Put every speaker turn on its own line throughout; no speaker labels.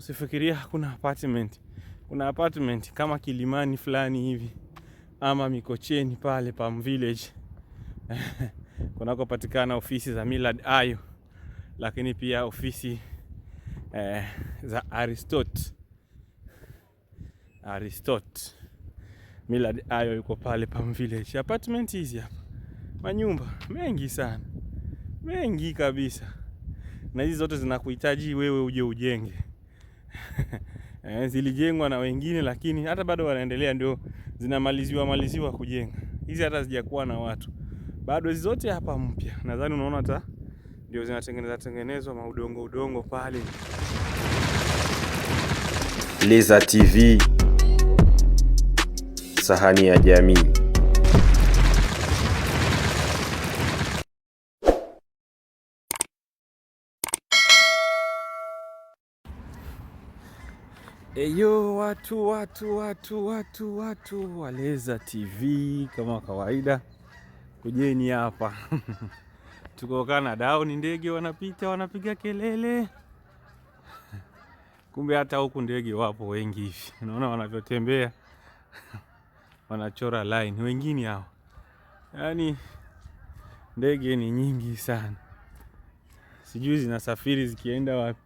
usifikiria kuna apartment. Kuna apartment kama Kilimani fulani hivi ama Mikocheni pale Palm Village kunakopatikana ofisi za Millard Ayo, lakini pia ofisi eh, za Aristote. Aristote Millard Ayo yuko pale Palm Village. Apartment hizi hapa, manyumba mengi sana, mengi kabisa, na hizi zote zinakuhitaji wewe uje ujenge. eh, zilijengwa na wengine, lakini hata bado wanaendelea, ndio zinamaliziwa maliziwa kujenga hizi, hata zijakuwa na watu bado, hizi zote hapa mpya. Nadhani unaona hata ndio zinatengeneza tengenezwa maudongo udongo pale.
Leza TV, sahani ya jamii.
Eyo watu watu watu watu watu Waleza TV kama kawaida, kujeni hapa tuko Canada, ni ndege wanapita wanapiga kelele, kumbe hata huku ndege wapo wengi hivi, unaona wanavyotembea wanachora line, wengine hao, yaani ndege ni nyingi sana, sijui zinasafiri zikienda wapi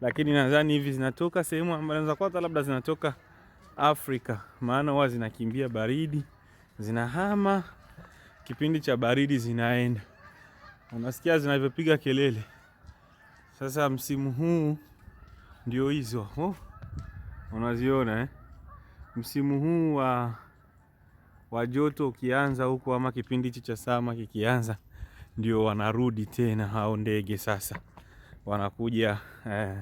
lakini nadhani hivi zinatoka sehemu ambazo za kwanza labda zinatoka Afrika, maana huwa zinakimbia baridi, zinahama kipindi cha baridi, zinaenda unasikia zinavyopiga kelele. Sasa msimu huu ndio hizo oh, unaziona eh? Msimu huu wa, wa joto ukianza huko ama kipindi hichi cha sama kikianza, ndio wanarudi tena hao ndege sasa wanakuja eh,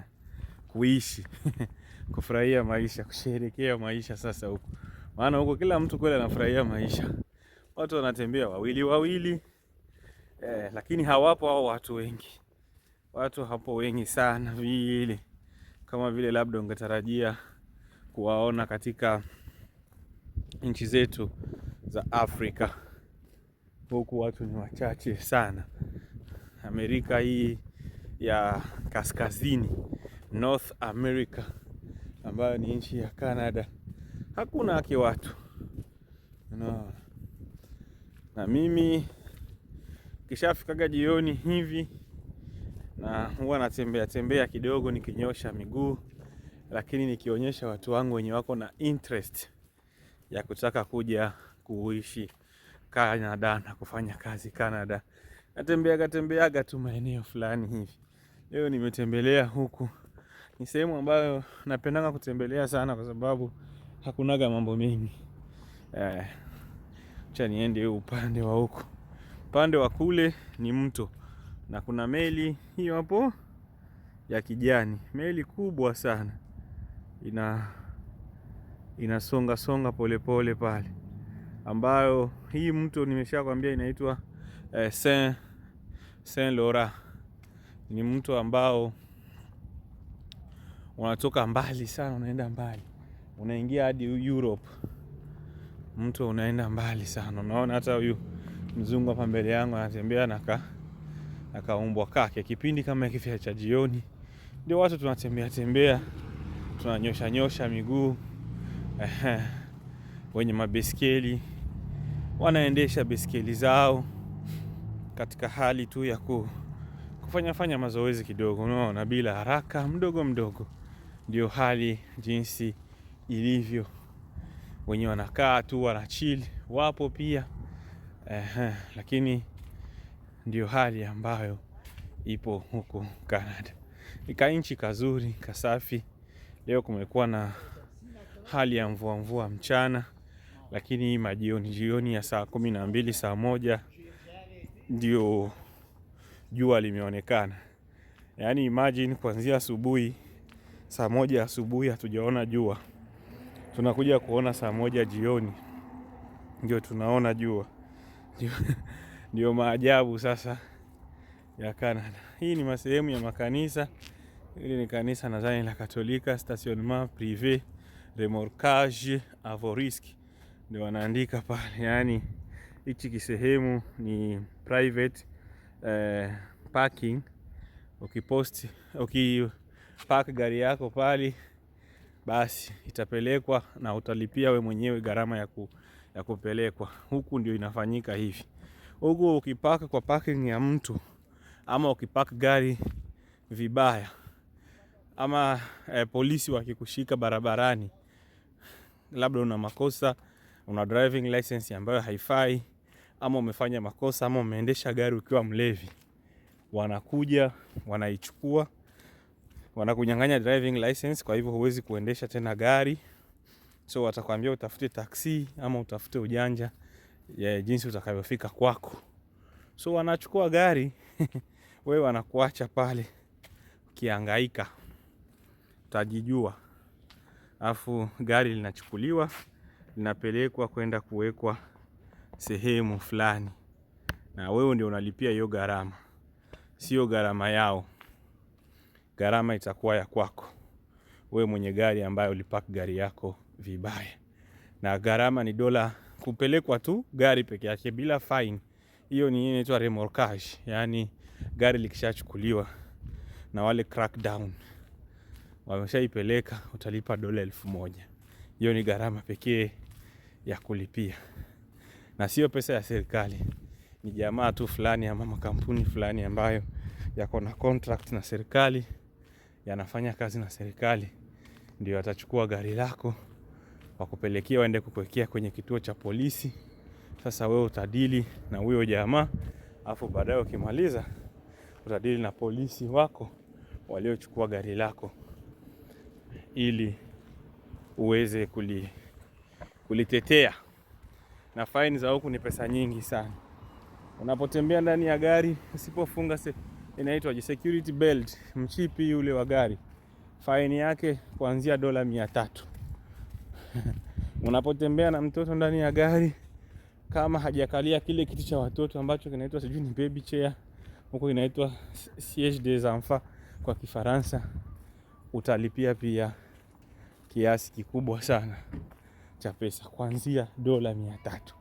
kuishi kufurahia maisha, kusherekea maisha. Sasa huko maana huko kila mtu kweli anafurahia maisha, watu wanatembea wawili wawili eh, lakini hawapo hao watu wengi, watu hapo wengi sana vile kama vile labda ungetarajia kuwaona katika nchi zetu za Afrika. Huku watu ni wachache sana. Amerika hii ya kaskazini North America ambayo ni nchi ya Canada hakuna haki watu no. Na mimi kishafikaga jioni hivi na huwa natembea tembea kidogo nikinyosha miguu, lakini nikionyesha watu wangu wenye wako na interest ya kutaka kuja kuishi Canada na kufanya kazi Canada, natembeaga tembeaga tu maeneo fulani hivi leo nimetembelea huku. Ni sehemu ambayo napendanga kutembelea sana kwa sababu hakunaga mambo mengi. Eh, Cha niende upande wa huku. Upande wa kule ni mto na kuna meli hiyo hapo ya kijani, meli kubwa sana ina inasonga songa polepole pole pale, ambayo hii mto nimeshakwambia inaitwa eh, Saint Saint Laurent ni mtu ambao unatoka mbali sana, unaenda mbali, unaingia hadi Europe. mtu unaenda mbali sana, unaona hata huyu mzungu hapa mbele yangu anatembea na akaumbwa kake. Kipindi kama hiki cha jioni ndio watu tunatembea tembea, tunanyosha nyosha miguu wenye mabeskeli wanaendesha beskeli zao katika hali tu ya ku kufanya fanya mazoezi kidogo, unaona, bila haraka, mdogo mdogo. Ndio hali jinsi ilivyo, wenye wanakaa tu chill, wapo pia eh, lakini ndio hali ambayo ipo huko Canada. ika nchi kazuri kasafi. Leo kumekuwa na hali ya mvua mvua mchana, lakini majioni jioni ya saa kumi na mbili saa moja ndio jua limeonekana. Yaani imagine kuanzia asubuhi saa moja asubuhi hatujaona jua, tunakuja kuona saa moja jioni ndio tunaona jua. Ndio maajabu sasa ya Canada. Hii ni masehemu ya makanisa. Hili ni kanisa nadhani la Katolika, stationnement prive remorquage avoriski, ndio wanaandika pale. Yaani hichi kisehemu ni private eh, parking ukipost, ukipark gari yako pale, basi itapelekwa na utalipia we mwenyewe gharama ya, ku, ya kupelekwa. Huku ndio inafanyika hivi. Huku ukipark kwa parking ya mtu ama ukipark gari vibaya ama eh, polisi wakikushika barabarani, labda una makosa, una driving license ambayo haifai ama umefanya makosa ama umeendesha gari ukiwa mlevi, wanakuja wanaichukua, wanakunyang'anya driving license. Kwa hivyo huwezi kuendesha tena gari, so watakwambia utafute taksi ama utafute ujanja ya jinsi utakavyofika kwako. So wanachukua gari wewe wanakuacha pale ukihangaika, utajijua. Afu gari linachukuliwa linapelekwa kwenda kuwekwa sehemu fulani, na wewe ndio unalipia hiyo gharama, sio gharama yao. Gharama itakuwa ya kwako wewe mwenye gari ambayo ulipaki gari yako vibaya, na gharama ni dola kupelekwa tu gari peke yake bila fine. Hiyo ni inaitwa remorkage, yani gari likishachukuliwa na wale crackdown wameshaipeleka, utalipa dola elfu moja. Hiyo ni gharama pekee ya kulipia na sio pesa ya serikali, ni jamaa tu fulani ama makampuni fulani ambayo yako na contract na serikali, yanafanya kazi na serikali, ndio atachukua gari lako wakupelekea waende kukuwekea kwenye kituo cha polisi. Sasa wewe utadili na huyo jamaa, afu baadaye ukimaliza utadili na polisi wako waliochukua gari lako ili uweze kulitetea na faini za huku ni pesa nyingi sana. Unapotembea ndani ya gari usipofunga inaitwa security belt, mchipi yule wa gari, faini yake kuanzia dola mia tatu. Unapotembea na mtoto ndani ya gari kama hajakalia kile kiti cha watoto ambacho kinaitwa sijui ni baby chair, huko inaitwa siège des enfants kwa Kifaransa, utalipia pia kiasi kikubwa sana cha pesa kuanzia dola mia tatu.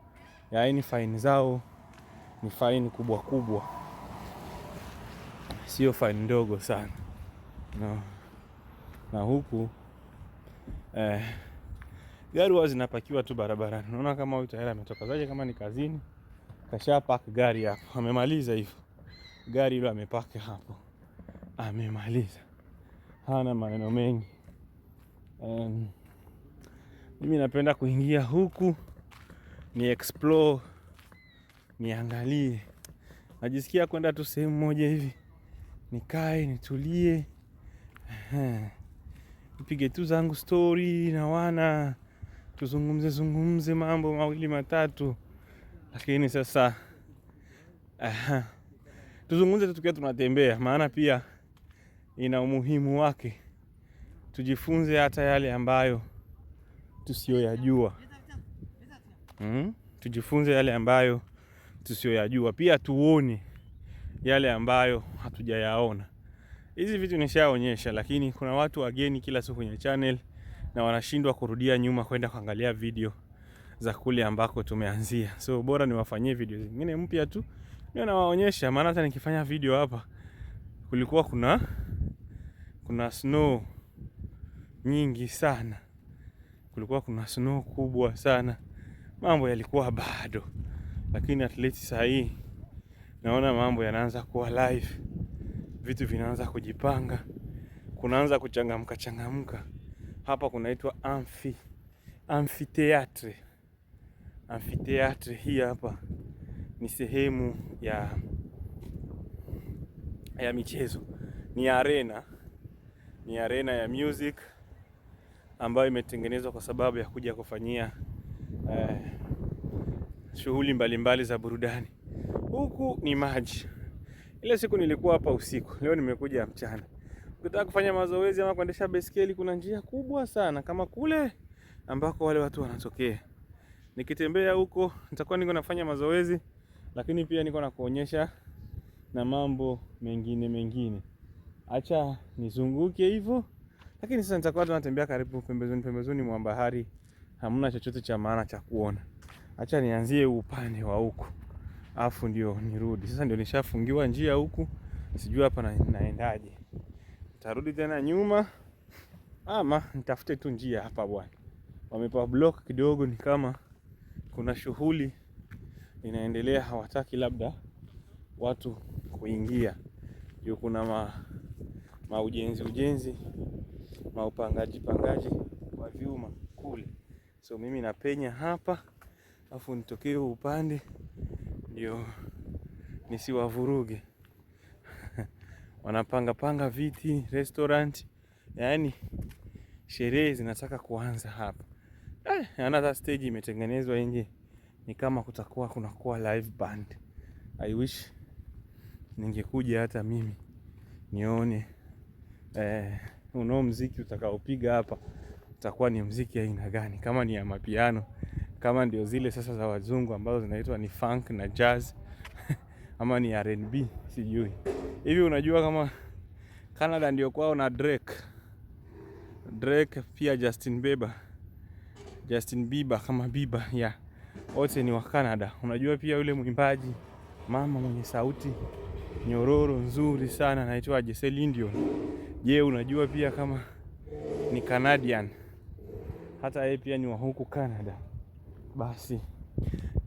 Yaani faini zao ni faini kubwa kubwa, sio faini ndogo sana no. Na huku eh, gari huwa zinapakiwa tu barabarani. Unaona kama huyu tayari ametoka zaje, kama ni kazini kasha paki gari hapo, amemaliza hivyo gari hilo amepaka hapo, amemaliza, hana maneno mengi um, mimi napenda kuingia huku ni explore, niangalie. Najisikia kwenda tu sehemu moja hivi nikae nitulie, nipige tu zangu story na wana, tuzungumze zungumze mambo mawili matatu, lakini sasa aha, tuzungumze tu tukiwa tunatembea, maana pia ina umuhimu wake, tujifunze hata yale ambayo tusiyoyajua hmm? Tujifunze yale ambayo tusiyoyajua, pia tuone yale ambayo hatujayaona. Hizi vitu nishaonyesha, lakini kuna watu wageni kila siku kwenye channel na wanashindwa kurudia nyuma kwenda kuangalia video za kule ambako tumeanzia. So bora niwafanyie video zingine mpya tu ndio nawaonyesha, maana hata nikifanya video hapa kulikuwa kuna kuna snow nyingi sana kulikuwa kuna snow kubwa sana, mambo yalikuwa bado, lakini at least saa hii naona mambo yanaanza kuwa live, vitu vinaanza kujipanga, kunaanza kuchangamka changamka. Hapa kunaitwa amfi amphitheatre. Amphitheatre hii hapa ni sehemu ya ya michezo, ni arena, ni arena ya music ambayo imetengenezwa kwa sababu ya kuja kufanyia eh, shughuli mbalimbali za burudani. Huku ni maji. Ile siku nilikuwa hapa usiku, leo nimekuja mchana. Ukitaka kufanya mazoezi ama kuendesha baiskeli, kuna njia kubwa sana kama kule ambako wale watu wanatokea. Nikitembea huko nitakuwa niko nafanya mazoezi, lakini pia niko na kuonyesha na mambo mengine mengine. Acha nizunguke hivyo lakini sasa nitakuwa tunatembea karibu pembezoni pembezoni mwa bahari, hamna chochote cha maana cha kuona. Acha nianzie upande wa huku, afu ndio nirudi. Sasa ndio nishafungiwa njia huku, sijui hapa na, naendaje? Nitarudi tena nyuma ama nitafute tu njia hapa bwana. Wamepa block kidogo, ni kama kuna shughuli inaendelea, hawataki labda watu kuingia. Ndio kuna ma, ma ujenzi ujenzi maupangaji pangaji wa vyuma kule. So mimi napenya hapa afu nitokee upande ndio nisiwavuruge. Wanapanga panga viti, restaurant, yaani sherehe zinataka kuanza hapa. Eh, another stage imetengenezwa nje, ni kama kutakuwa kunakuwa live band. I wish ningekuja hata mimi nione eh unao mziki utakaopiga hapa utakuwa ni mziki aina gani, kama ni ya mapiano, kama ndio zile sasa za wazungu ambazo zinaitwa ni funk na jazz ama ni R&B sijui. Hivi unajua kama Canada ndio kwao na Drake. Drake pia Justin Bieber. Justin Bieber kama Bieber ya wote ni wa Canada. Unajua pia yule mwimbaji mama mwenye sauti nyororo nzuri sana naitwaje, Celine Dion. Je, unajua pia kama ni Canadian, hata yeye pia ni wa huku Canada. Basi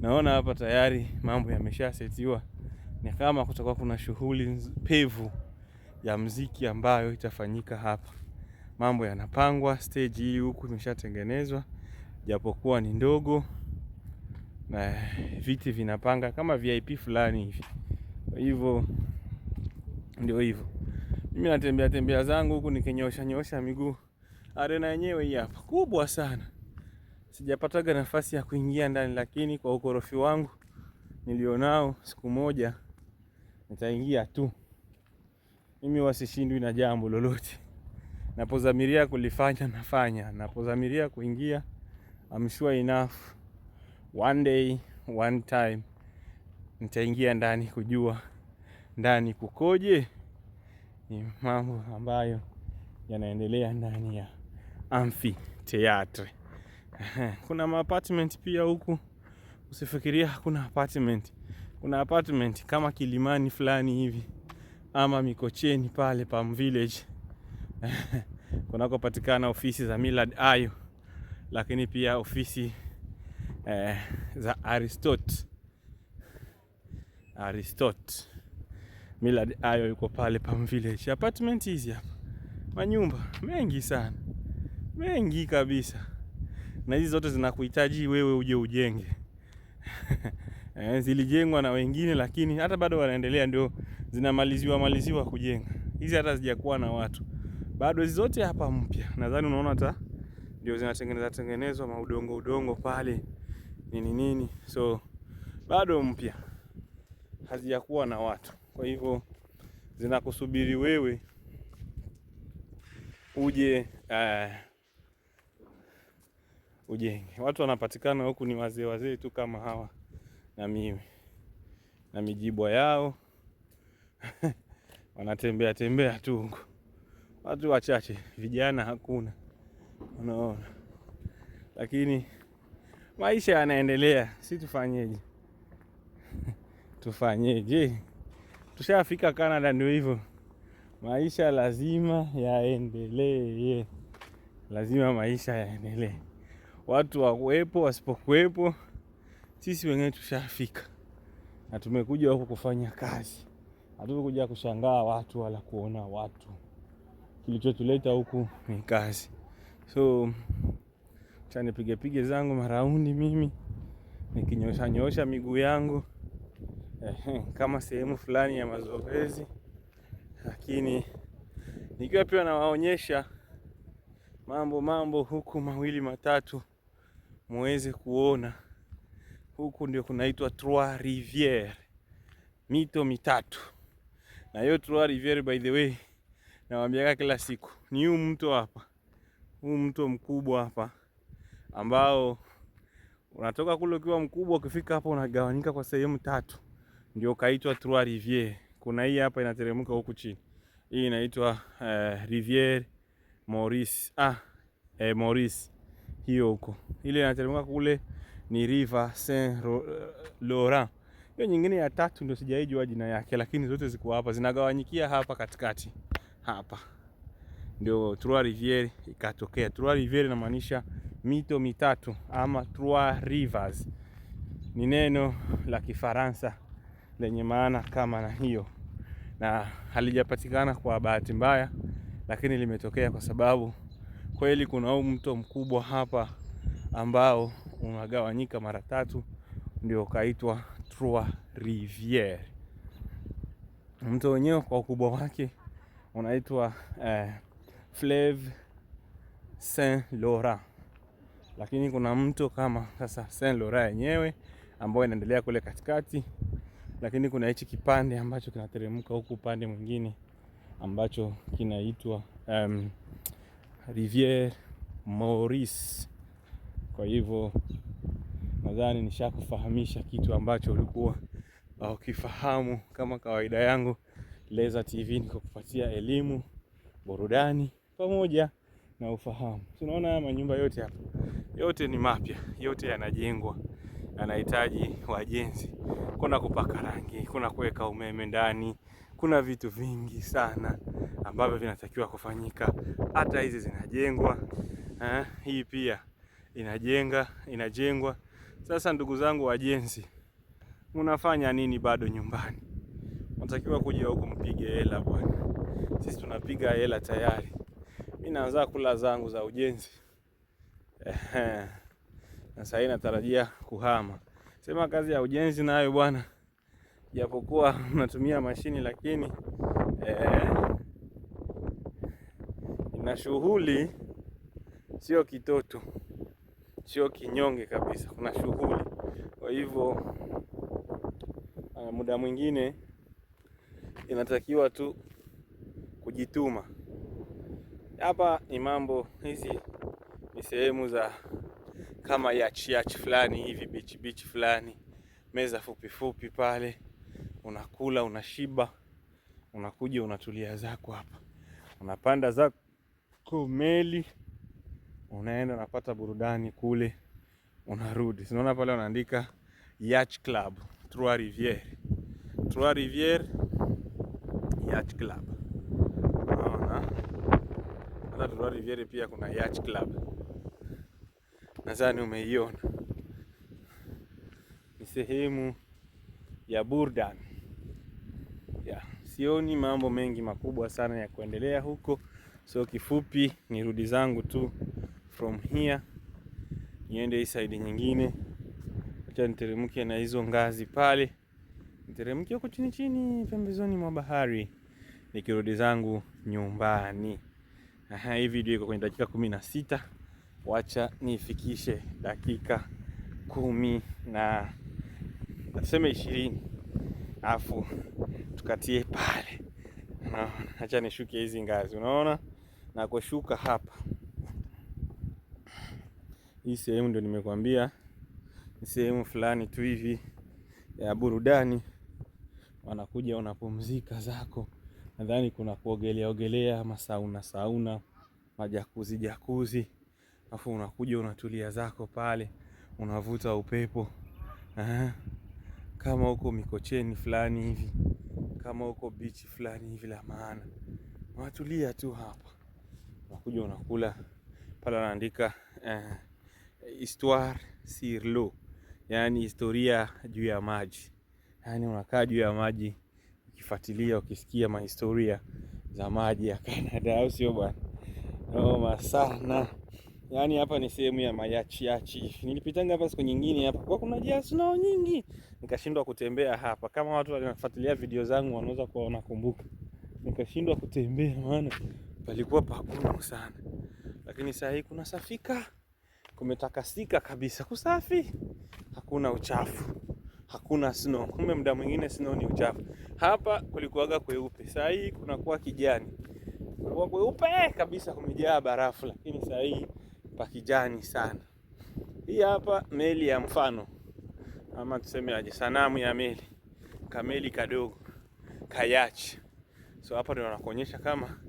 naona hapa tayari mambo yameshasetiwa, ni kama kutakuwa kuna shughuli pevu ya mziki ambayo itafanyika hapa. Mambo yanapangwa, stage hii huku imeshatengenezwa japokuwa ni ndogo, na viti vinapanga kama VIP fulani hivi hivyo ndio hivyo. Mimi natembea tembea zangu huku nikinyosha nyosha miguu. Arena yenyewe hii hapa kubwa sana, sijapataga nafasi ya kuingia ndani, lakini kwa ukorofi wangu nilionao, siku moja nitaingia tu. Mimi wasishindwi na jambo lolote, napozamiria kulifanya nafanya, napozamiria kuingia I'm sure enough one day one time nitaingia ndani kujua ndani kukoje, ni mambo ambayo yanaendelea ndani ya amphitheatre. Kuna maapartment pia huku, usifikiria hakuna apartment. Kuna apartment kama Kilimani fulani hivi ama Mikocheni pale Palm Village kunakopatikana ofisi za Millard Ayo, lakini pia ofisi eh, za Aristotle Aristot Millard Ayo yuko pale Palm Village. Apartment hizi hapa, manyumba mengi sana, mengi kabisa, na hizi zote zinakuhitaji wewe uje ujenge eh, zilijengwa na wengine, lakini hata bado wanaendelea, ndio zinamaliziwa maliziwa kujenga hizi, hata zijakuwa na watu bado, hizi zote hapa mpya. Nadhani unaona hata ndio zinatengeneza tengenezwa maudongo udongo pale nini nini, so bado mpya hazijakuwa na watu, kwa hivyo zinakusubiri wewe uje uh, ujenge. Watu wanapatikana huku ni wazee wazee tu kama hawa na mimi na mijibwa yao wanatembea tembea tu huku, watu wachache, vijana hakuna, unaona. Lakini maisha yanaendelea, si tufanyeje? tufanyeje? Tushafika Canada, ndio hivyo, maisha lazima yaendelee, lazima maisha yaendelee, watu wakuwepo wasipokuwepo, sisi wenyewe tushafika na tumekuja huku kufanya kazi, hatukuja kushangaa watu wala kuona watu. Kilichotuleta huku ni kazi, so chanipigepige zangu maraundi mimi nikinyoshanyoosha miguu yangu. kama sehemu fulani ya mazoezi, lakini nikiwa pia nawaonyesha mambo mambo huku mawili matatu muweze kuona. Huku ndio kunaitwa Trois Rivières, mito mitatu. Na hiyo Trois Rivières by the way nawambiaka kila siku ni huu mto hapa, huu mto mkubwa hapa ambao unatoka kule ukiwa mkubwa, ukifika hapa unagawanyika kwa sehemu tatu ndio kaitwa Trois Rivières. Kuna hii hapa inateremka huku chini, hii inaitwa uh, eh, Riviere Maurice. Ah, eh, Maurice hiyo huko, ile inateremka kule ni River Saint eh, Laurent. Hiyo nyingine ya tatu ndio sijaijua jina yake, lakini zote ziko hapa, zinagawanyikia hapa katikati hapa ndio Trois Rivières ikatokea. Trois Rivières inamaanisha mito mitatu ama Trois Rivers ni neno la Kifaransa lenye maana kama na hiyo, na halijapatikana kwa bahati mbaya, lakini limetokea kwa sababu kweli kuna huu mto mkubwa hapa ambao unagawanyika mara tatu, ndio ukaitwa Trois Rivières. Mto wenyewe kwa ukubwa wake unaitwa eh, Fleuve Saint Laurent, lakini kuna mto kama sasa Saint Laurent yenyewe ambayo inaendelea kule katikati lakini kuna hichi kipande ambacho kinateremka huku upande mwingine ambacho kinaitwa um, Riviere Maurice. Kwa hivyo nadhani nishakufahamisha kitu ambacho ulikuwa ukifahamu. Kama kawaida yangu, Leza TV niko kupatia elimu, burudani pamoja na ufahamu. Tunaona haya manyumba yote hapa, yote ni mapya, yote yanajengwa anahitaji wajenzi. Kuna kupaka rangi, kuna kuweka umeme ndani, kuna vitu vingi sana ambavyo vinatakiwa kufanyika. Hata hizi zinajengwa eh, hii pia inajenga inajengwa. Sasa ndugu zangu wajenzi, mnafanya nini bado nyumbani? Mnatakiwa kuja huku mpige hela bwana. Sisi tunapiga hela tayari. Mimi naanza kula zangu za ujenzi na sasa inatarajia kuhama. Sema kazi ya ujenzi nayo bwana, japokuwa unatumia mashini lakini eh, ina shughuli, sio kitoto, sio kinyonge kabisa, kuna shughuli. Kwa hivyo ah, muda mwingine inatakiwa tu kujituma. Hapa ni mambo hizi, ni sehemu za kama yachiachi fulani hivi, bichi bichi fulani, meza fupi fupi pale, unakula unashiba, unakuja unatulia zako hapa, unapanda zako meli, unaenda unapata burudani kule, unarudi. Unaona pale wanaandika yacht club Trois Rivières, Trois Rivières yacht club. Unaona hata Trois Rivières pia kuna yacht club nadhani umeiona, ni sehemu ya burdan ya. Sioni mambo mengi makubwa sana ya kuendelea huko, so kifupi ni rudi zangu tu from here niende hii side nyingine, acha niteremke na hizo ngazi pale, niteremke huko chini chini pembezoni mwa bahari nikirudi zangu nyumbani. Aha, hii video iko kwenye dakika kumi na sita wacha nifikishe dakika kumi na tuseme ishirini afu tukatie pale. Unaona, acha nishuke hizi ngazi, unaona na kushuka hapa. Hii sehemu ndio nimekwambia ni sehemu fulani tu hivi ya burudani, wanakuja unapumzika zako. Nadhani kuna kuogelea ogelea, masauna sauna, majakuzi jakuzi afu unakuja unatulia zako pale, unavuta upepo aha. Kama huko Mikocheni fulani hivi, kama huko bichi fulani hivi la maana, unatulia tu hapa, unakuja unakula pale, anaandika eh, histoire sur l'eau, yani historia juu ya maji, yani unakaa juu ya maji ukifuatilia, ukisikia mahistoria za maji ya Canada, au sio bwana? Noma sana. Yaani hapa ni sehemu ya mayachi yachi. Nilipitanga hapa siku nyingine hapa kwa kuna jia snow nyingi, nikashindwa kutembea hapa. Kama watu wanafuatilia video zangu wanaweza kuwa wanakumbuka, nikashindwa kutembea, maana palikuwa pagumu sana, lakini saa hii kuna safika, kumetakasika kabisa, kusafi, hakuna uchafu, hakuna snow. Kumbe muda mwingine snow ni uchafu. Hapa kulikuwaga kweupe, saa hii kunakuwa kijani, Kwa kweupe kabisa, kumejaa barafu, lakini saa hii pa kijani sana. Hii hapa meli ya mfano ama tuseme aje, sanamu ya meli, kameli kadogo kayachi. So hapa ndio wanakuonyesha kama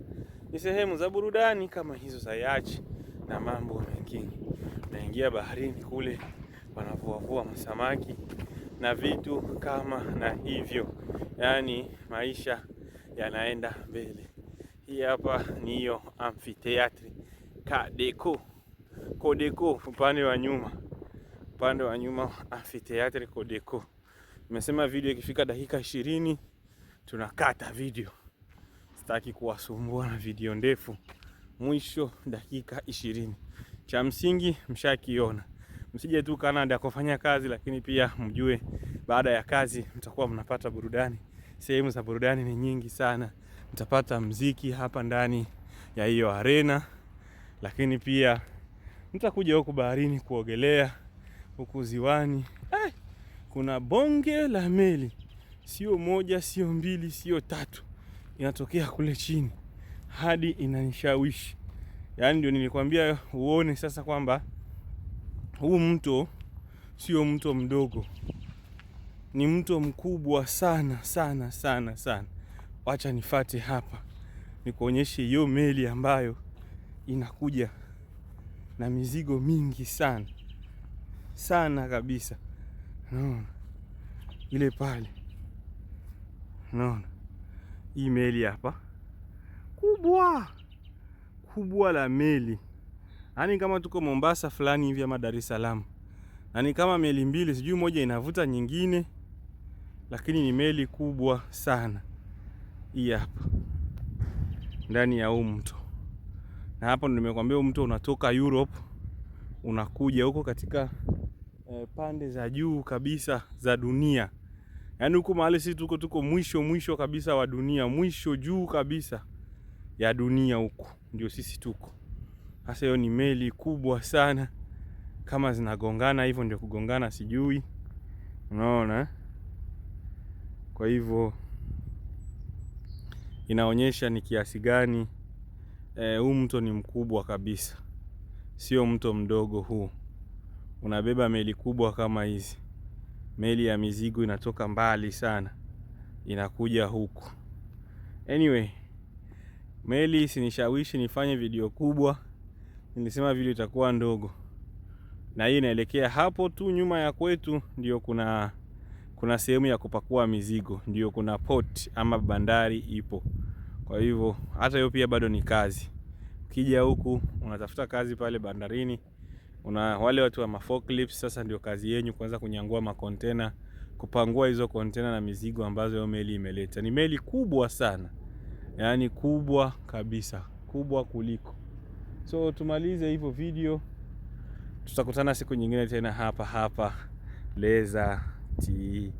ni sehemu za burudani kama hizo za yachi na mambo mengine. Naingia baharini kule, wanavuavua masamaki na vitu kama na hivyo, yaani maisha yanaenda mbele. Hii hapa ni hiyo amphitheatre Kadeko. Codeco upande wa nyuma, upande wa nyuma Amphitheatre Codeco. Nimesema video ikifika dakika ishirini tunakata video, sitaki kuwasumbua na video ndefu. Mwisho dakika ishirini, cha msingi mshakiona. Msije tu Canada kufanya kazi, lakini pia mjue baada ya kazi mtakuwa mnapata burudani. Sehemu za burudani ni nyingi sana, mtapata mziki hapa ndani ya hiyo arena, lakini pia Nitakuja huku baharini kuogelea huku ziwani. Eh, kuna bonge la meli, sio moja, sio mbili, sio tatu, inatokea kule chini hadi inanishawishi. Yaani ndio nilikwambia uone sasa kwamba huu mto sio mto mdogo, ni mto mkubwa sana sana sana sana. Wacha nifate hapa nikuonyeshe hiyo meli ambayo inakuja na mizigo mingi sana sana kabisa, naona ile pale, naona hii meli hapa kubwa kubwa la meli, yaani kama tuko Mombasa fulani hivi ama Dar es Salaam, na ni kama meli mbili, sijui moja inavuta nyingine, lakini ni meli kubwa sana hii hapa ndani ya huu mto na hapo nimekwambia mtu unatoka Europe unakuja huko katika eh, pande za juu kabisa za dunia, yaani huko mahali sisi tuko tuko mwisho mwisho kabisa wa dunia, mwisho juu kabisa ya dunia, huko ndio sisi tuko hasa Hiyo ni meli kubwa sana, kama zinagongana hivyo ndio kugongana, sijui unaona. Kwa hivyo inaonyesha ni kiasi gani Eh, huu e, mto ni mkubwa kabisa, sio mto mdogo huu. Unabeba meli kubwa kama hizi, meli ya mizigo inatoka mbali sana inakuja huku. Anyway, meli sinishawishi nifanye video kubwa, nilisema video itakuwa ndogo, na hii inaelekea hapo tu nyuma ya kwetu, ndio kuna kuna sehemu ya kupakua mizigo, ndio kuna port ama bandari ipo. Kwa hivyo hata hiyo pia bado ni kazi. Ukija huku unatafuta kazi pale bandarini, una wale watu wa forklifts, sasa ndio kazi yenu kuanza kunyangua makontena, kupangua hizo kontena na mizigo ambazo hiyo meli imeleta. Ni meli kubwa sana, yaani kubwa kabisa, kubwa kuliko. So tumalize hivyo video, tutakutana siku nyingine tena hapa hapa Leza TV.